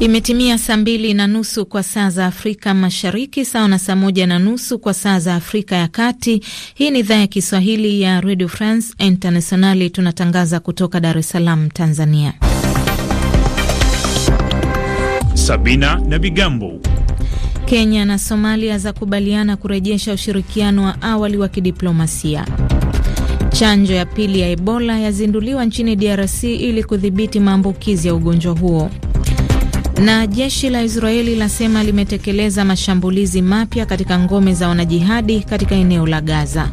Imetimia saa mbili na nusu kwa saa za Afrika Mashariki, sawa na saa moja na nusu kwa saa za Afrika ya Kati. Hii ni idhaa ya Kiswahili ya Radio France Internationali. Tunatangaza kutoka Dar es Salaam, Tanzania. Sabina na Bigambo. Kenya na Somalia zakubaliana kurejesha ushirikiano wa awali wa kidiplomasia. Chanjo ya pili ya Ebola yazinduliwa nchini DRC ili kudhibiti maambukizi ya ugonjwa huo. Na jeshi la Israeli lasema limetekeleza mashambulizi mapya katika ngome za wanajihadi katika eneo la Gaza.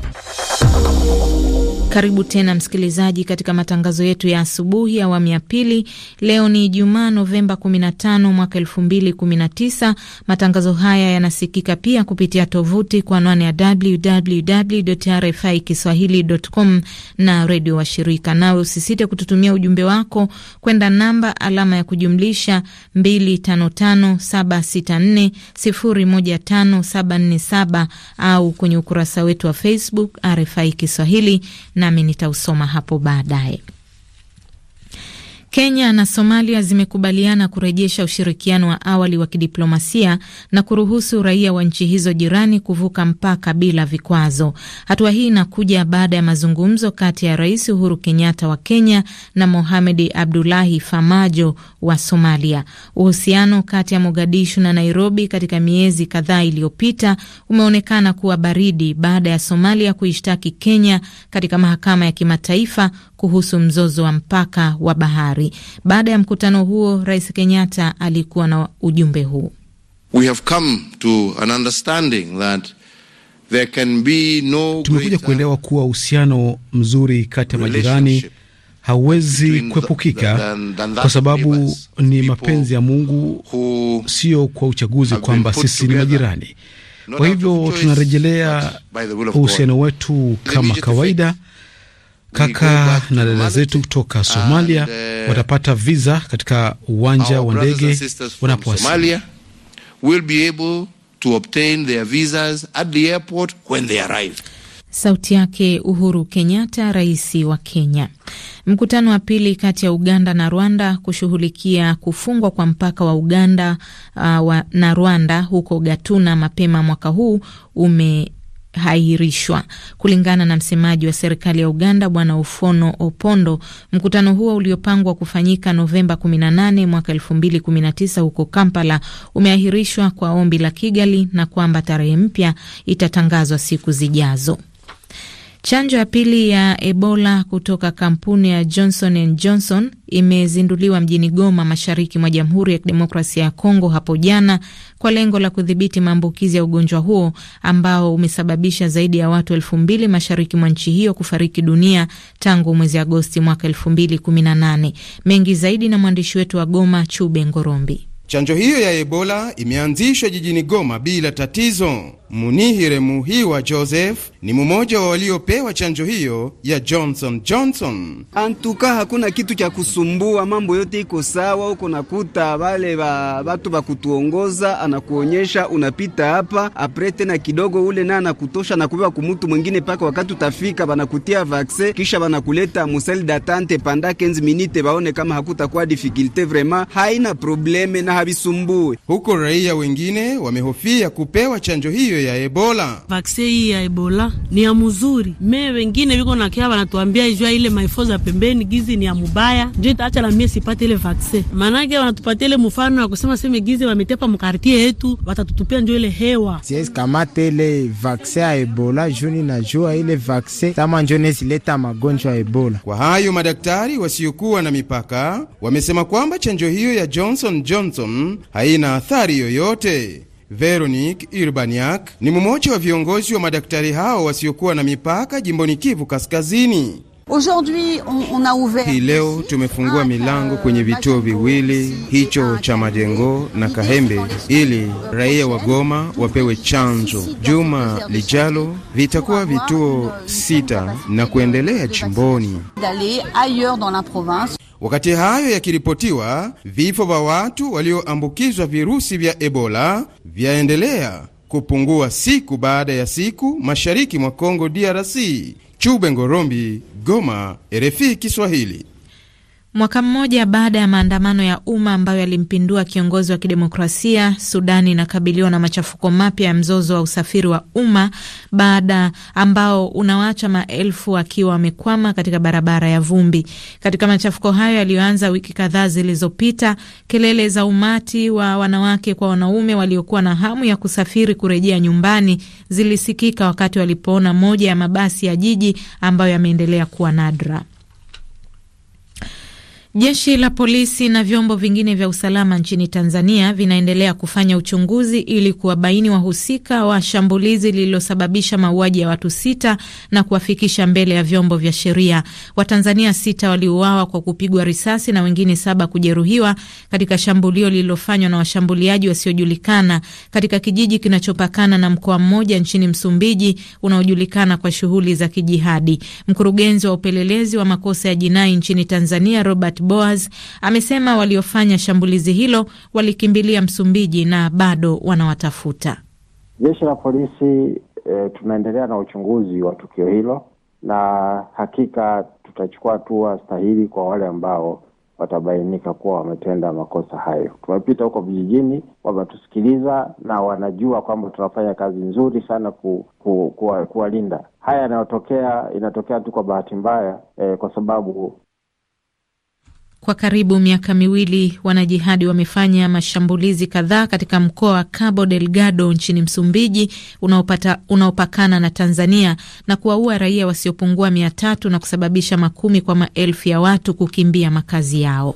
Karibu tena msikilizaji, katika matangazo yetu ya asubuhi awamu ya pili. Leo ni Ijumaa, Novemba 15 mwaka 2019. Matangazo haya yanasikika pia kupitia tovuti kwa anwani ya www RFI kiswahilicom na redio washirika. Nawe usisite kututumia ujumbe wako kwenda namba alama ya kujumlisha 255764015747 au kwenye ukurasa wetu wa Facebook RFI Kiswahili na nami nitausoma hapo baadaye. Kenya na Somalia zimekubaliana kurejesha ushirikiano wa awali wa kidiplomasia na kuruhusu raia wa nchi hizo jirani kuvuka mpaka bila vikwazo. Hatua hii inakuja baada ya mazungumzo kati ya Rais Uhuru Kenyatta wa Kenya na Mohamed Abdullahi Farmajo wa Somalia. Uhusiano kati ya Mogadishu na Nairobi katika miezi kadhaa iliyopita umeonekana kuwa baridi baada ya Somalia kuishtaki Kenya katika mahakama ya kimataifa kuhusu mzozo wa mpaka wa bahari. Baada ya mkutano huo, Rais Kenyatta alikuwa na ujumbe huu. We have come to an understanding that there can be no tumekuja kuelewa kuwa uhusiano mzuri kati ya majirani hauwezi kuepukika kwa sababu ni mapenzi ya Mungu, sio kwa uchaguzi kwamba sisi ni majirani. Kwa hivyo tunarejelea uhusiano wetu kama kawaida kaka na dada zetu kutoka Somalia and, uh, watapata visa katika uwanja wa ndege wanapowasili. Sauti yake Uhuru Kenyatta, rais wa Kenya. Mkutano wa pili kati ya Uganda na Rwanda kushughulikia kufungwa kwa mpaka wa Uganda uh, wa, na Rwanda huko Gatuna mapema mwaka huu ume hairishwa. Kulingana na msemaji wa serikali ya Uganda Bwana ufono Opondo, mkutano huo uliopangwa kufanyika Novemba 18 mwaka 2019 huko Kampala umeahirishwa kwa ombi la Kigali na kwamba tarehe mpya itatangazwa siku zijazo. Chanjo ya pili ya Ebola kutoka kampuni ya Johnson and Johnson imezinduliwa mjini Goma, mashariki mwa Jamhuri ya Kidemokrasia ya Kongo hapo jana kwa lengo la kudhibiti maambukizi ya ugonjwa huo ambao umesababisha zaidi ya watu elfu mbili mashariki mwa nchi hiyo kufariki dunia tangu mwezi Agosti mwaka elfu mbili kumi na nane. Mengi zaidi na mwandishi wetu wa Goma, Chube Ngorombi. Chanjo hiyo ya Ebola imeanzishwa jijini Goma bila tatizo. Munihire Muhiwa Joseph ni mmoja wa waliopewa chanjo hiyo ya Johnson Johnson. Antuka hakuna kitu cha kusumbua, mambo yote iko sawa. Uko nakuta wale ba, batu bakutuongoza anakuonyesha unapita hapa, apre tena kidogo ule na anakutosha na kubeba kumutu mwingine paka wakati utafika, banakutia vaksin kisha banakuleta musel datante panda 15 minute, baone kama hakutakuwa difikilte. Vrema haina probleme na habisumbue. Huko raia wengine wamehofia kupewa chanjo hiyo ya Ebola. Vaksin hii ya Ebola ni ya mzuri. Me wengine viko na kia wanatuambia ijua ile za pembeni gizi ni ya mubaya, njo itaacha na mie sipate ile vaksin. Maanake wanatupatia ile mfano ya kusema seme gizi wametepa mkartie yetu watatutupia njo ile hewa. Siwezi kamate ile vaksin ya Ebola juni na jua ile vaksin kama njo nezileta magonjwa ya Ebola. Kwa hayo madaktari wasiokuwa na mipaka wamesema kwamba chanjo hiyo ya Johnson Johnson haina athari yoyote. Veronique Urbaniak ni mmoja wa viongozi wa madaktari hao wasiokuwa na mipaka jimboni Kivu Kaskazini. Hii leo tumefungua milango kwenye vituo viwili hicho cha Majengo na Kahembe ili raia wa Goma wapewe chanjo. Juma lijalo vitakuwa vituo sita na kuendelea jimboni. Wakati hayo yakiripotiwa, vifo vya watu walioambukizwa virusi vya Ebola vyaendelea kupungua siku baada ya siku mashariki mwa congo DRC. Chube Ngorombi, Goma, RFI Kiswahili. Mwaka mmoja baada ya maandamano ya umma ambayo yalimpindua kiongozi wa kidemokrasia, Sudani inakabiliwa na machafuko mapya ya mzozo wa usafiri wa umma baada ambao unawaacha maelfu wakiwa wamekwama katika barabara ya vumbi. Katika machafuko hayo yaliyoanza wiki kadhaa zilizopita, kelele za umati wa wanawake kwa wanaume waliokuwa na hamu ya kusafiri kurejea nyumbani zilisikika wakati walipoona moja ya mabasi ya jiji ambayo yameendelea kuwa nadra. Jeshi la polisi na vyombo vingine vya usalama nchini Tanzania vinaendelea kufanya uchunguzi ili kuwabaini wahusika wa shambulizi lililosababisha mauaji ya watu sita na kuwafikisha mbele ya vyombo vya sheria. Watanzania sita waliuawa kwa kupigwa risasi na wengine saba kujeruhiwa katika shambulio lililofanywa na washambuliaji wasiojulikana katika kijiji kinachopakana na mkoa mmoja nchini Msumbiji unaojulikana kwa shughuli za kijihadi. Mkurugenzi wa upelelezi wa makosa ya jinai nchini Tanzania Robert Boas amesema waliofanya shambulizi hilo walikimbilia Msumbiji na bado wanawatafuta. Jeshi la polisi e, tunaendelea na uchunguzi wa tukio hilo na hakika tutachukua hatua stahili kwa wale ambao watabainika kuwa wametenda makosa hayo. Tumepita huko vijijini, wametusikiliza na wanajua kwamba tunafanya kazi nzuri sana ku, ku, kuwalinda. Haya yanayotokea inatokea tu kwa bahati mbaya eh, kwa sababu kwa karibu miaka miwili wanajihadi wamefanya mashambulizi kadhaa katika mkoa wa Cabo Delgado nchini Msumbiji unaopata, unaopakana na Tanzania na kuwaua raia wasiopungua mia tatu na kusababisha makumi kwa maelfu ya watu kukimbia makazi yao.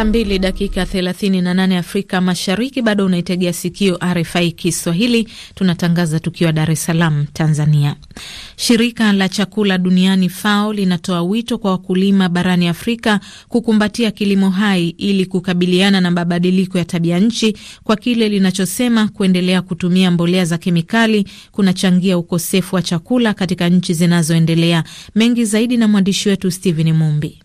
Saa mbili dakika 38 Afrika Mashariki. Bado unaitegea sikio RFI Kiswahili, tunatangaza tukiwa Dar es Salaam, Tanzania. Shirika la chakula duniani FAO linatoa wito kwa wakulima barani Afrika kukumbatia kilimo hai ili kukabiliana na mabadiliko ya tabia nchi, kwa kile linachosema kuendelea kutumia mbolea za kemikali kunachangia ukosefu wa chakula katika nchi zinazoendelea. Mengi zaidi na mwandishi wetu Stephen Mumbi.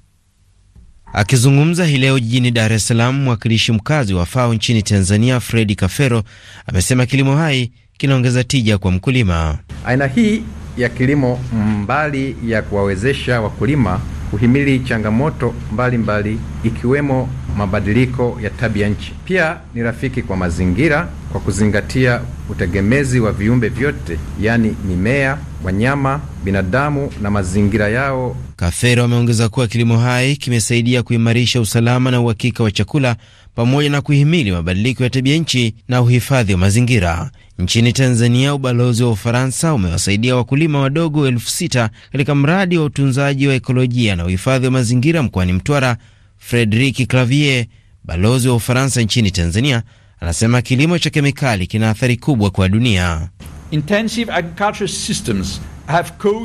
Akizungumza hii leo jijini Dar es Salaam, mwakilishi mkazi wa FAO nchini Tanzania Fredi Kafero amesema kilimo hai kinaongeza tija kwa mkulima. Aina hii ya kilimo, mbali ya kuwawezesha wakulima kuhimili changamoto mbalimbali mbali, ikiwemo mabadiliko ya tabia nchi, pia ni rafiki kwa mazingira kwa kuzingatia utegemezi wa viumbe vyote, yaani mimea wanyama, binadamu na mazingira yao. Kafero ameongeza kuwa kilimo hai kimesaidia kuimarisha usalama na uhakika wa chakula pamoja na kuhimili mabadiliko ya tabia nchi na uhifadhi wa mazingira. Nchini Tanzania, ubalozi wa Ufaransa umewasaidia wakulima wadogo elfu sita katika mradi wa utunzaji wa ekolojia na uhifadhi wa mazingira mkoani Mtwara. Frederik Clavier, balozi wa Ufaransa nchini Tanzania, anasema kilimo cha kemikali kina athari kubwa kwa dunia intensive agricultural systems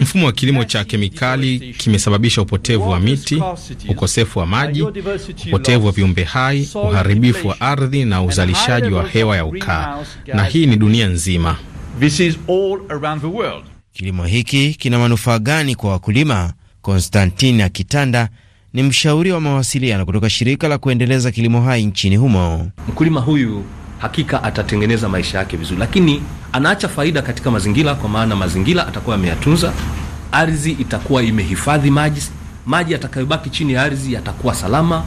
Mfumo wa kilimo cha kemikali kimesababisha upotevu wa miti, ukosefu wa maji, upotevu wa viumbe hai, uharibifu wa ardhi na uzalishaji wa hewa ya ukaa, na hii ni dunia nzima. Kilimo hiki kina manufaa gani kwa wakulima? a Kitanda ni mshauri wa mawasiliano kutoka shirika la kuendeleza kilimo hai nchini humo. Mkulima huyu hakika atatengeneza maisha yake vizuri, lakini anaacha faida katika mazingira, kwa maana mazingira atakuwa ameyatunza, ardhi itakuwa imehifadhi maji, maji yatakayobaki chini ya ardhi yatakuwa salama.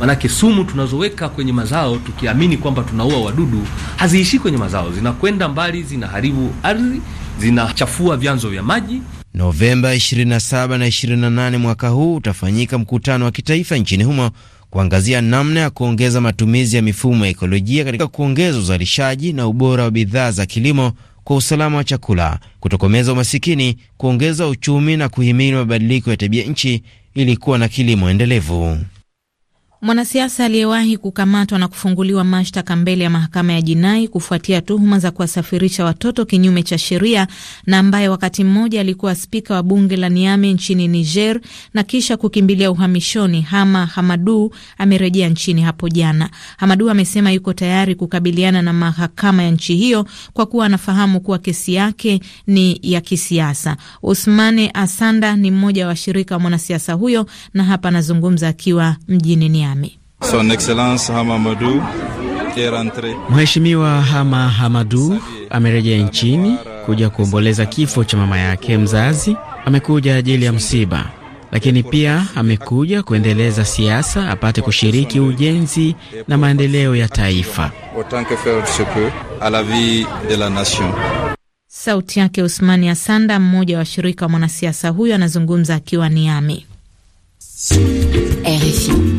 Manake sumu tunazoweka kwenye mazao tukiamini kwamba tunaua wadudu haziishi kwenye mazao, zinakwenda mbali, zinaharibu ardhi, zinachafua vyanzo vya maji. Novemba 27 na 28 mwaka huu utafanyika mkutano wa kitaifa nchini humo kuangazia namna ya kuongeza matumizi ya mifumo ya ekolojia katika kuongeza uzalishaji na ubora wa bidhaa za kilimo kwa usalama wa chakula, kutokomeza umasikini, kuongeza uchumi na kuhimili mabadiliko ya tabia nchi ili kuwa na kilimo endelevu. Mwanasiasa aliyewahi kukamatwa na kufunguliwa mashtaka mbele ya mahakama ya jinai kufuatia tuhuma za kuwasafirisha watoto kinyume cha sheria na ambaye wakati mmoja alikuwa spika wa bunge la niame nchini Niger na kisha kukimbilia uhamishoni, Hama Hamadu amerejea nchini hapo jana. Hamadu amesema yuko tayari kukabiliana na mahakama ya nchi hiyo kwa kuwa anafahamu kuwa kesi yake ni ya kisiasa. Usmane Asanda ni mmoja wa washirika wa mwanasiasa huyo na hapa anazungumza akiwa mjini Niame. Kagame. Son Excellence Hamamadu Mheshimiwa Hama Hamadu amerejea nchini kuja kuomboleza kifo cha mama yake mzazi. Amekuja ajili ya msiba, lakini pia amekuja kuendeleza siasa, apate kushiriki ujenzi na maendeleo ya taifa. Sauti yake Usmani Asanda, mmoja wa shirika wa mwanasiasa huyo, anazungumza akiwa Niami. RFI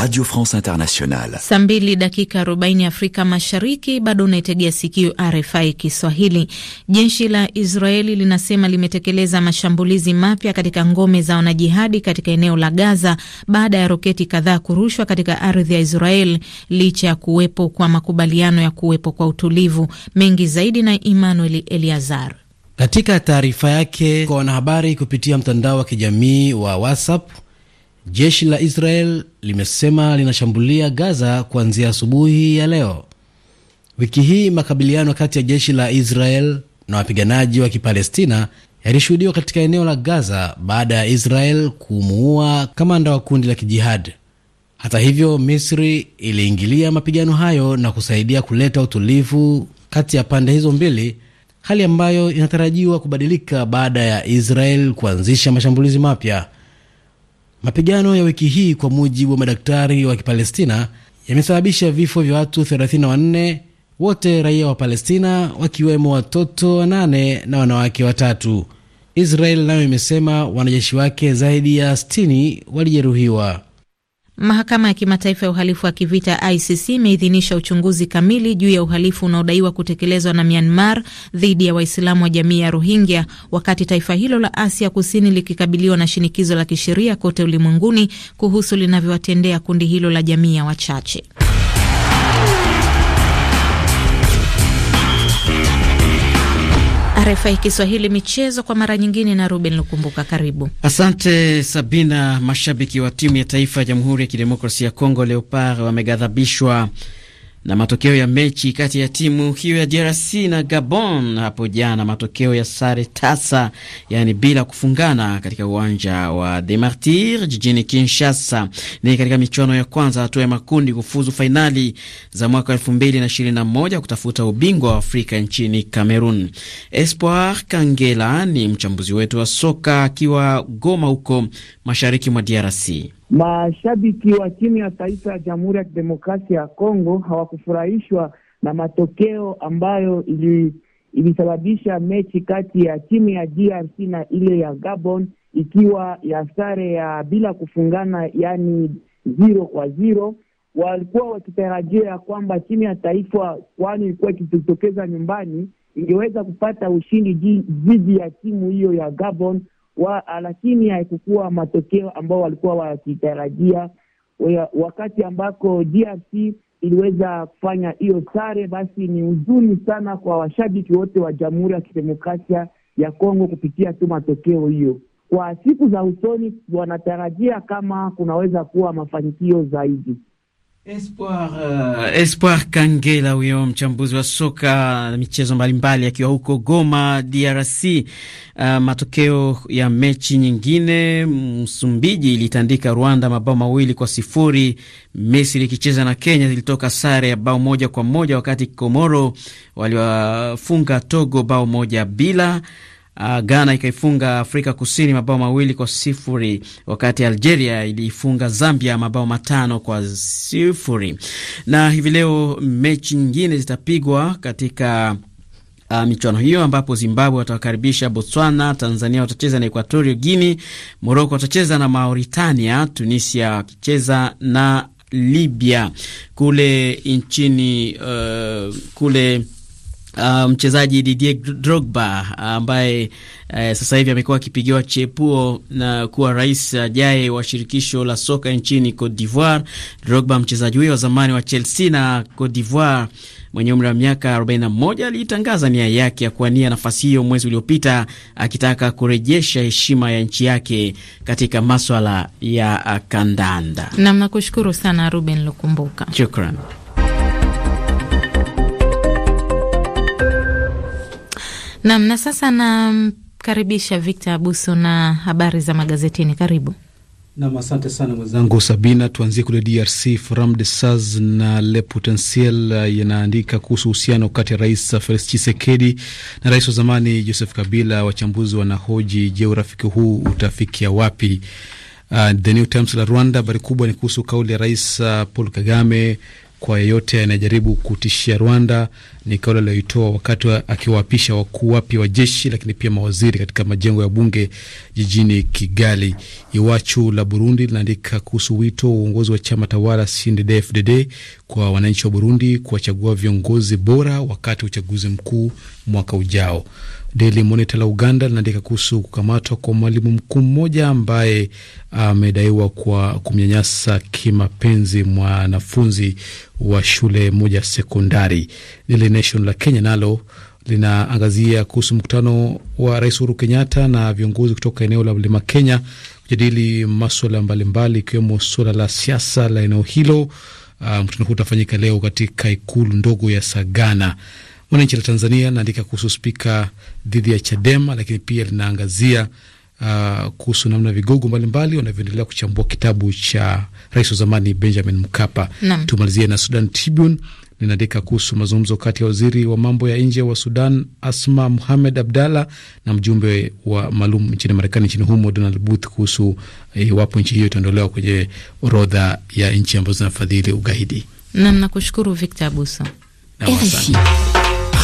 Radio France Internationale. Saa mbili dakika 40 Afrika Mashariki, bado unaitegea sikio RFI Kiswahili. Jeshi la Israeli linasema limetekeleza mashambulizi mapya katika ngome za wanajihadi katika eneo la Gaza baada ya roketi kadhaa kurushwa katika ardhi ya Israel licha ya kuwepo kwa makubaliano ya kuwepo kwa utulivu. Mengi zaidi na Emmanuel Eliazar. Katika taarifa yake kwa wanahabari kupitia mtandao wa kijamii wa WhatsApp Jeshi la Israel limesema linashambulia Gaza kuanzia asubuhi ya leo. Wiki hii makabiliano kati ya jeshi la Israel na wapiganaji wa Kipalestina yalishuhudiwa katika eneo la Gaza baada ya Israel kumuua kamanda wa kundi la kijihadi. Hata hivyo, Misri iliingilia mapigano hayo na kusaidia kuleta utulivu kati ya pande hizo mbili, hali ambayo inatarajiwa kubadilika baada ya Israel kuanzisha mashambulizi mapya. Mapigano ya wiki hii kwa mujibu wa madaktari wa Kipalestina yamesababisha vifo vya watu 34 wote raia wa Palestina wakiwemo watoto wanane na wanawake watatu. Israel nayo imesema wanajeshi wake zaidi ya 60 walijeruhiwa. Mahakama ya Kimataifa ya Uhalifu wa Kivita ICC imeidhinisha uchunguzi kamili juu ya uhalifu unaodaiwa kutekelezwa na Myanmar dhidi ya Waislamu wa jamii ya Rohingya, wakati taifa hilo la Asia Kusini likikabiliwa na shinikizo la kisheria kote ulimwenguni kuhusu linavyowatendea kundi hilo la jamii ya wachache. RFI Kiswahili michezo kwa mara nyingine na Ruben Lukumbuka, karibu. Asante Sabina. Mashabiki wa timu ya taifa ya Jamhuri ya Kidemokrasia ya Kongo Leopard wameghadhabishwa na matokeo ya mechi kati ya timu hiyo ya DRC na Gabon hapo jana, matokeo ya sare tasa, yani bila kufungana, katika uwanja wa De Martyrs jijini Kinshasa. Ni katika michuano ya kwanza hatua ya makundi kufuzu fainali za mwaka 2021 kutafuta ubingwa wa Afrika nchini Cameroon. Espoir Kangela ni mchambuzi wetu wa soka akiwa Goma huko mashariki mwa DRC. Mashabiki wa timu ya taifa ya Jamhuri ya Kidemokrasia ya Kongo hawakufurahishwa na matokeo ambayo ili, ilisababisha mechi kati ya timu ya DRC na ile ya Gabon ikiwa ya sare ya bila kufungana, yaani zero kwa zero. Walikuwa wakitarajia kwamba timu ya taifa, kwani ilikuwa ikijitokeza nyumbani, ingeweza kupata ushindi dhidi ya timu hiyo ya Gabon wa, lakini haikukuwa matokeo ambao walikuwa wakitarajia. Wakati ambako DRC iliweza kufanya hiyo sare, basi ni huzuni sana kwa washabiki wote wa Jamhuri ya Kidemokrasia ya Kongo kupitia tu matokeo hiyo. Kwa siku za usoni wanatarajia kama kunaweza kuwa mafanikio zaidi. Espoir, uh, Espoir Kangela huyo mchambuzi wa soka na michezo mbalimbali akiwa huko Goma DRC. Uh, eh, matokeo ya mechi nyingine, Msumbiji ilitandika Rwanda mabao mawili kwa sifuri. Misri ikicheza na Kenya zilitoka sare ya bao moja kwa moja, wakati Komoro waliwafunga Togo bao moja bila Uh, Ghana ikaifunga Afrika Kusini mabao mawili kwa sifuri wakati Algeria iliifunga Zambia mabao matano kwa sifuri. Na hivi leo mechi nyingine zitapigwa katika Uh, michuano hiyo ambapo Zimbabwe watawakaribisha Botswana, Tanzania watacheza na Equatorial Guinea, Morocco watacheza na Mauritania, Tunisia wakicheza na Libya. Kule nchini uh, kule mchezaji ah, mchezaji Didier Drogba ambaye uh, sasa hivi amekuwa akipigiwa chepuo na kuwa rais ajaye wa shirikisho la soka nchini Cote d'Ivoire. Drogba, mchezaji huyo wa zamani wa Chelsea na Cote d'Ivoire mwenye umri wa miaka 41 aliitangaza nia yake ya kuwania nafasi hiyo mwezi uliopita, akitaka kurejesha heshima ya nchi yake katika maswala ya kandanda. Nam, nakushukuru sana Ruben Lukumbuka, shukrani. Nam, na sasa namkaribisha Victor Abuso na habari za magazetini. Karibu. Nam, asante sana mwenzangu Sabina. Tuanzie kule DRC. Forum des Sas na Le Potentiel uh, yanaandika kuhusu uhusiano kati ya Rais Felix chisekedi na rais wa zamani Joseph Kabila. Wachambuzi wanahoji, je, urafiki huu utafikia wapi? Uh, The New Times la Rwanda, habari kubwa ni kuhusu kauli ya Rais uh, Paul Kagame kwa yeyote anayejaribu kutishia Rwanda. Ni kauli aliyoitoa wakati wa akiwaapisha wakuu wapya wa jeshi, lakini pia mawaziri katika majengo ya bunge jijini Kigali. Iwachu la Burundi linaandika kuhusu wito wa uongozi wa chama tawala CNDD-FDD kwa wananchi wa Burundi kuwachagua viongozi bora wakati wa uchaguzi mkuu mwaka ujao. Daily Monitor la Uganda linaandika kuhusu kukamatwa kwa mwalimu mkuu mmoja ambaye amedaiwa kwa kumnyanyasa kimapenzi mwanafunzi wa shule moja sekondari. Daily Nation la Kenya nalo linaangazia kuhusu mkutano wa Rais Uhuru Kenyatta na viongozi kutoka eneo la mlima Kenya kujadili maswala mbalimbali ikiwemo suala la siasa la eneo hilo. Uh, mkutano huu utafanyika leo katika ikulu ndogo ya Sagana. Mwananchi la Tanzania naandika kuhusu spika dhidi ya Chadema, lakini pia linaangazia uh, kuhusu namna vigogo mbalimbali wanavyoendelea kuchambua kitabu cha rais wa zamani Benjamin Mkapa. Tumalizie na Sudan Tribune linaandika kuhusu mazungumzo kati ya waziri wa mambo ya nje wa Sudan Asma Muhamed Abdalla na mjumbe wa maalum nchini Marekani nchini humo Donald Booth kuhusu eh, iwapo eh, nchi hiyo itaondolewa kwenye orodha ya nchi ambazo zinafadhili ugaidi. Nam, nakushukuru Victor Abuso.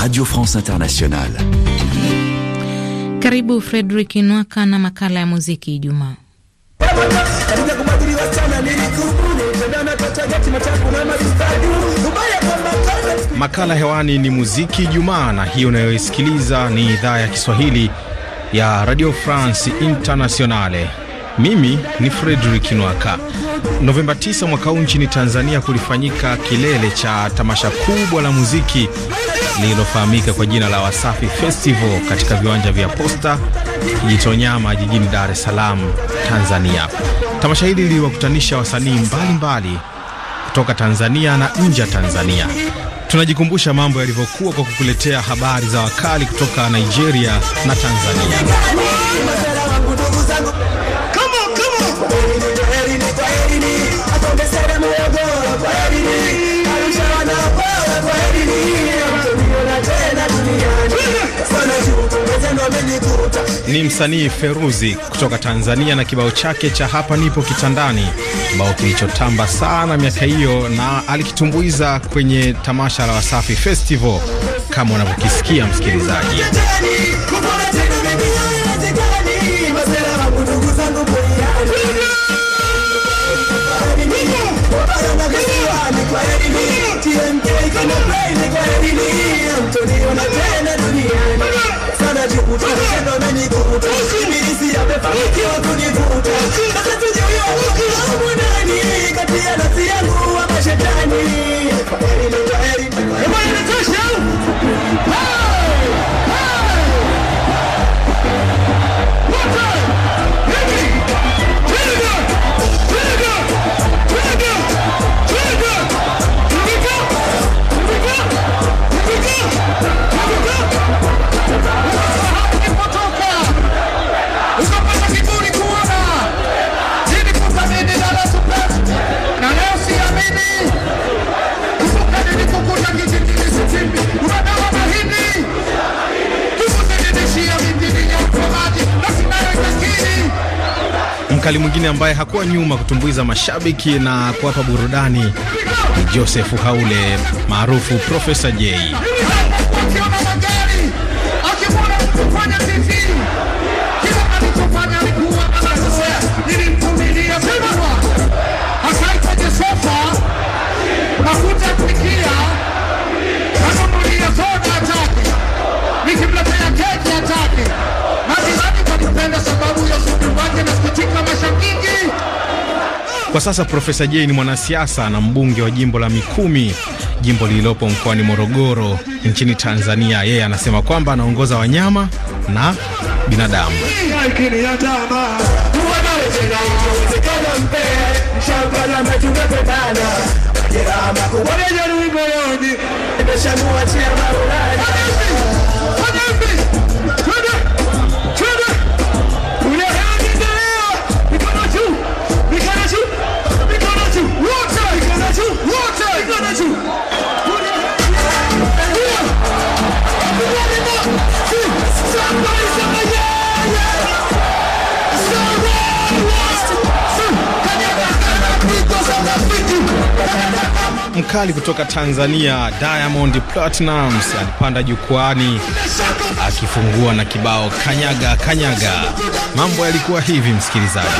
Radio France Internationale. Karibu Fredrik Nwaka na makala ya muziki Ijumaa. Makala hewani ni muziki Jumaa, na hiyo unayoisikiliza ni idhaa ya Kiswahili ya Radio France Internationale. Mimi ni Fredrick Nwaka. Novemba 9 mwaka huu nchini Tanzania kulifanyika kilele cha tamasha kubwa la muziki lililofahamika kwa jina la Wasafi Festival katika viwanja vya Posta Kijitonyama jijini Dar es Salaam, Tanzania. Tamasha hili liliwakutanisha wasanii mbalimbali kutoka Tanzania na nje ya Tanzania. Tunajikumbusha mambo yalivyokuwa kwa kukuletea habari za wakali kutoka Nigeria na Tanzania. Ni msanii Feruzi kutoka Tanzania na kibao chake cha hapa nipo kitandani, kibao kilichotamba sana miaka hiyo, na alikitumbuiza kwenye tamasha la Wasafi Festival kama unavyokisikia msikilizaji. jibuta Kendo Hey! Hey! up! Here we go! Here we go! Here we go! Here we go! Here we go! Mkali mwingine ambaye hakuwa nyuma kutumbuiza mashabiki na kuwapa burudani ni Joseph Haule maarufu Profesa J. Kwa sasa Profesa j ni mwanasiasa na mbunge wa jimbo la Mikumi, jimbo lililopo mkoani Morogoro nchini Tanzania. Yeye anasema kwamba anaongoza wanyama na binadamu. mkali kutoka Tanzania Diamond Platnumz alipanda jukwani akifungua na kibao kanyaga kanyaga. Mambo yalikuwa hivi, msikilizaji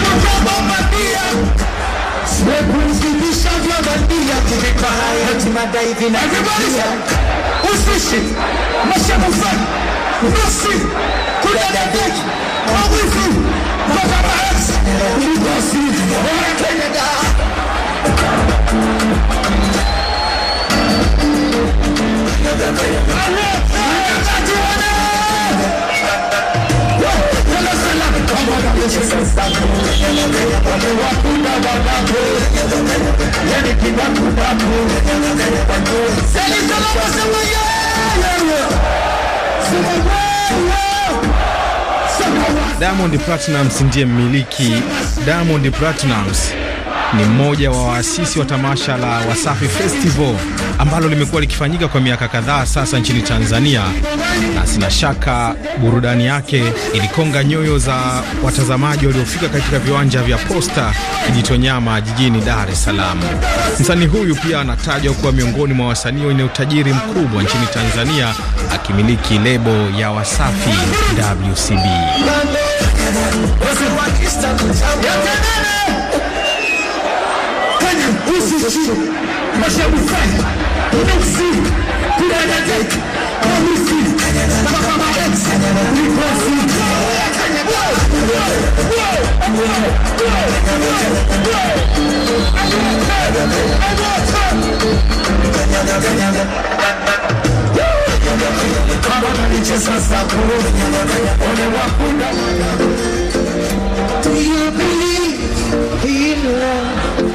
Diamond Platnumz ndiye mmiliki. Diamond Platnumz ni mmoja wa waasisi wa tamasha la Wasafi Festival ambalo limekuwa likifanyika kwa miaka kadhaa sasa nchini Tanzania, na sina shaka burudani yake ilikonga nyoyo za watazamaji waliofika katika viwanja vya Posta Kijitonyama jijini Dar es Salaam. Msanii huyu pia anatajwa kuwa miongoni mwa wasanii wenye utajiri mkubwa nchini Tanzania, akimiliki lebo ya Wasafi WCB. Do you believe in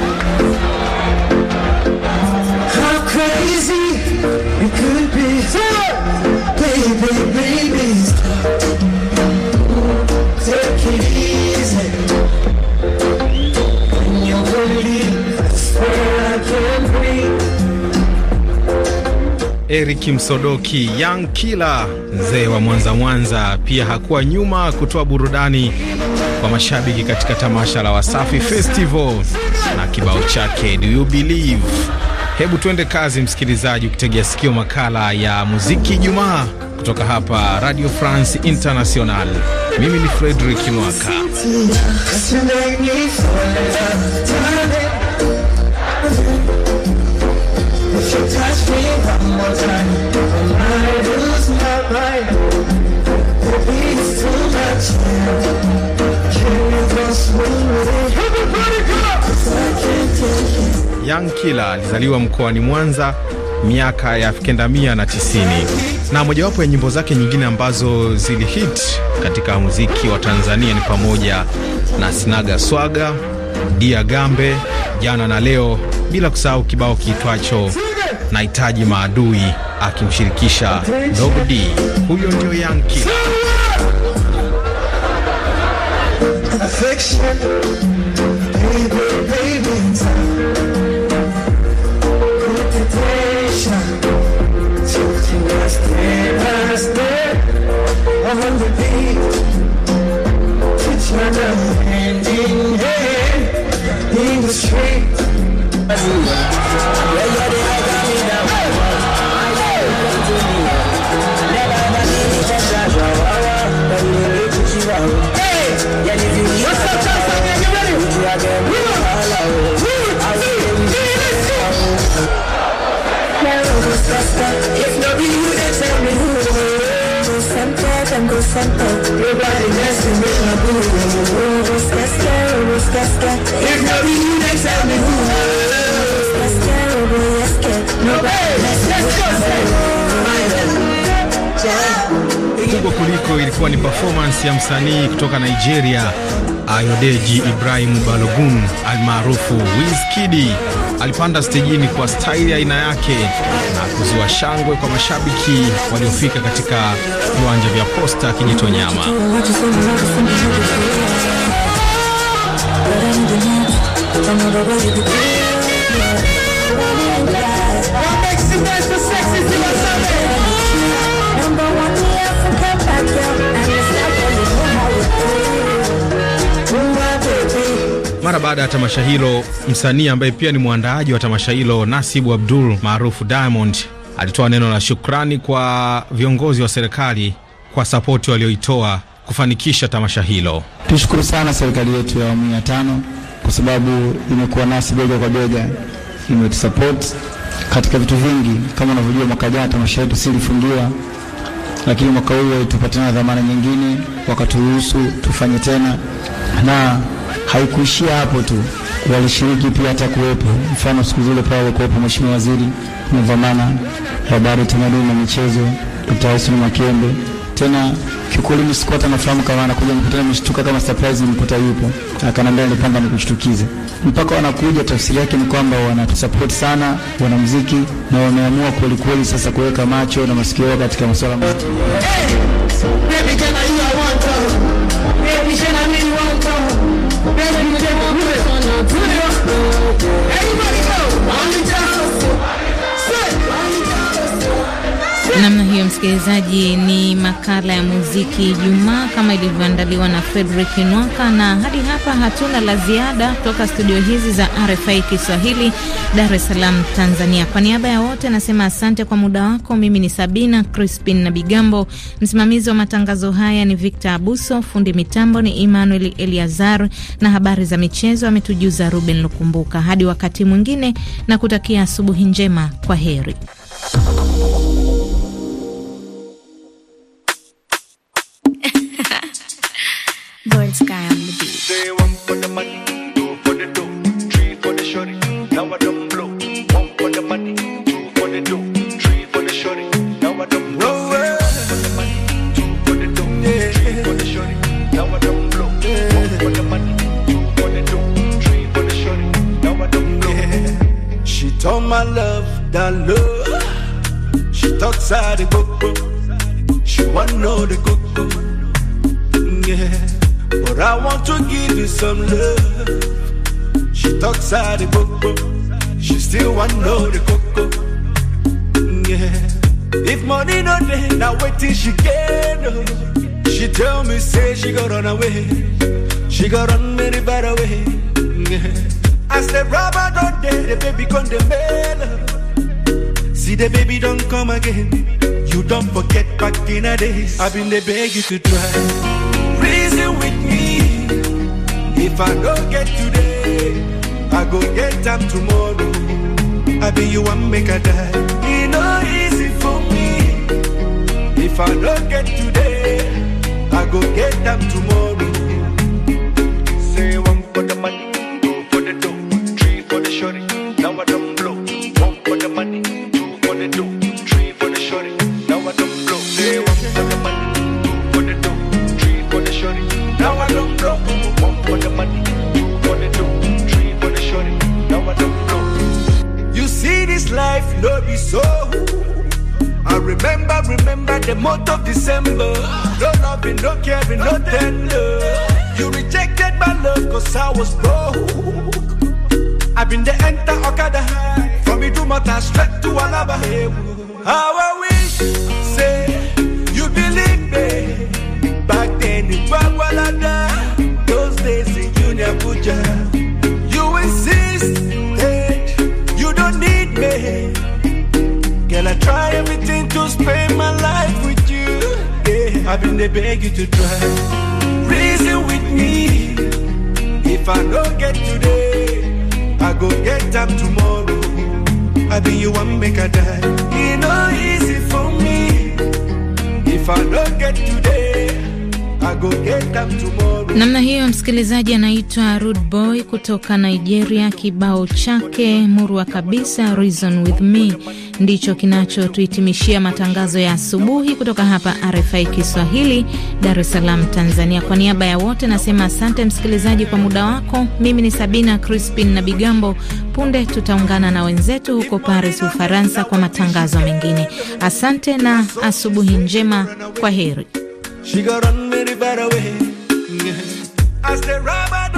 love? crazy. You could be baby, baby. Take it easy. When I swear I can breathe. Eric Msodoki Young Killer, mzee wa Mwanza Mwanza, pia hakuwa nyuma kutoa burudani kwa mashabiki katika tamasha la Wasafi Festival na kibao chake Do You Believe. Hebu tuende kazi, msikilizaji, ukitegea sikio makala ya muziki Jumaa kutoka hapa Radio France International. Mimi ni Frederick Mwaka. Nyankila alizaliwa mkoani Mwanza miaka ya mia na mojawapo ya nyimbo zake nyingine ambazo zilihit katika muziki wa Tanzania ni pamoja na Sinaga Swaga, Dia Gambe, Jana na Leo, bila kusahau kibao kiitwacho Nahitaji Maadui akimshirikisha Dog D. Huyo ndio Yankila. yesterday, i on the beach. It's hand in hand in the street. and go center. Everybody dancing, make my If not me, you next time boo. Ska ska, oh, ska ska. No, babe, let's go. kubwa kuliko ilikuwa ni performance ya msanii kutoka Nigeria Ayodeji Ibrahim Balogun almaarufu Wizkid. Alipanda stejini kwa staili aina yake na kuzua shangwe kwa mashabiki waliofika katika viwanja vya Posta Kijitonyama. Mara baada ya tamasha hilo, msanii ambaye pia ni mwandaaji wa tamasha hilo Nasibu Abdul maarufu Diamond alitoa neno la shukrani kwa viongozi wa serikali kwa sapoti walioitoa kufanikisha tamasha hilo. Tushukuru sana serikali yetu ya awamu ya tano kwa sababu imekuwa nasi bega kwa bega, imetusapoti katika vitu vingi. Kama unavyojua, mwaka jana tamasha yetu silifungiwa, lakini mwaka huu walitupatia dhamana nyingine, wakaturuhusu tufanye tena na Haikuishia hapo tu, walishiriki pia hata kuwepo, mfano siku zile pale alikuwepo Mheshimiwa Waziri wa Dhamana, Habari, tamaduni na Michezo, Dkt. Hassan Makembe. Tena kiukweli mimi sikuwa hata nafahamu kama anakuja, mkutano mshtuka kama surprise, mkuta yupo, akanambia nilipanga nikushtukize. Mpaka wanakuja, tafsiri yake ni kwamba wanatusupport sana wanamuziki, na wameamua kwelikweli sasa kuweka macho na masikio katika masuala hey, msikilizaji, ni makala ya muziki Ijumaa kama ilivyoandaliwa na Fredrick Nwaka, na hadi hapa hatuna la ziada kutoka studio hizi za RFI Kiswahili, Dar es Salaam, Tanzania. Kwa niaba ya wote nasema asante kwa muda wako. Mimi ni Sabina Crispin na Bigambo, msimamizi wa matangazo haya ni Victor Abuso, fundi mitambo ni Emmanuel Eliazar, na habari za michezo ametujuza Ruben Lukumbuka. Hadi wakati mwingine, na kutakia asubuhi njema, kwa heri. dance guy on the beat. Say one for the money, two for the dough, three for the shorty. Now I don't blow. One for the money, two for the dough, three for the shorty. Now I don't blow. She told my love that love. She talks out the cocoa. She wanna know the cocoa. Yeah. But I want to give you some love. She talks out the coco. She still want know the coco. Yeah. If money no day, now wait till she get no. She tell me, say she go run away. She go run very far away. Yeah. I the rubber don't day, the baby gone the mail. See the baby don't come again. You don't forget back in the days. I've been the beg you to try. If I don't get today, I go get them tomorrow. I be you one make a die. It no easy for me. If I don't get today, I go get them tomorrow. remember the month of December. No loving, no caring, no tender. You rejected my love cause I was broke. I've been the enter Okada high. From me to Mata straight to Alaba. How I wish, say, you believe me. Back then in Bagwalada, those days in Junior Puja. And I try everything to spend my life with you. Yeah, I've been they beg you to try. Reason with me. If I don't get today, I go get up tomorrow. I be you one make a die. It no easy for me. If I don't get today. namna hiyo. Msikilizaji anaitwa Rude Boy kutoka Nigeria. Kibao chake murwa kabisa, Reason with Me ndicho kinachotuhitimishia matangazo ya asubuhi kutoka hapa RFI Kiswahili, Dar es Salaam, Tanzania. Kwa niaba ya wote nasema asante msikilizaji kwa muda wako. Mimi ni Sabina Crispin na Bigambo. Punde tutaungana na wenzetu huko Paris, Ufaransa, kwa matangazo mengine. Asante na asubuhi njema, kwa heri. very far away. As the rubber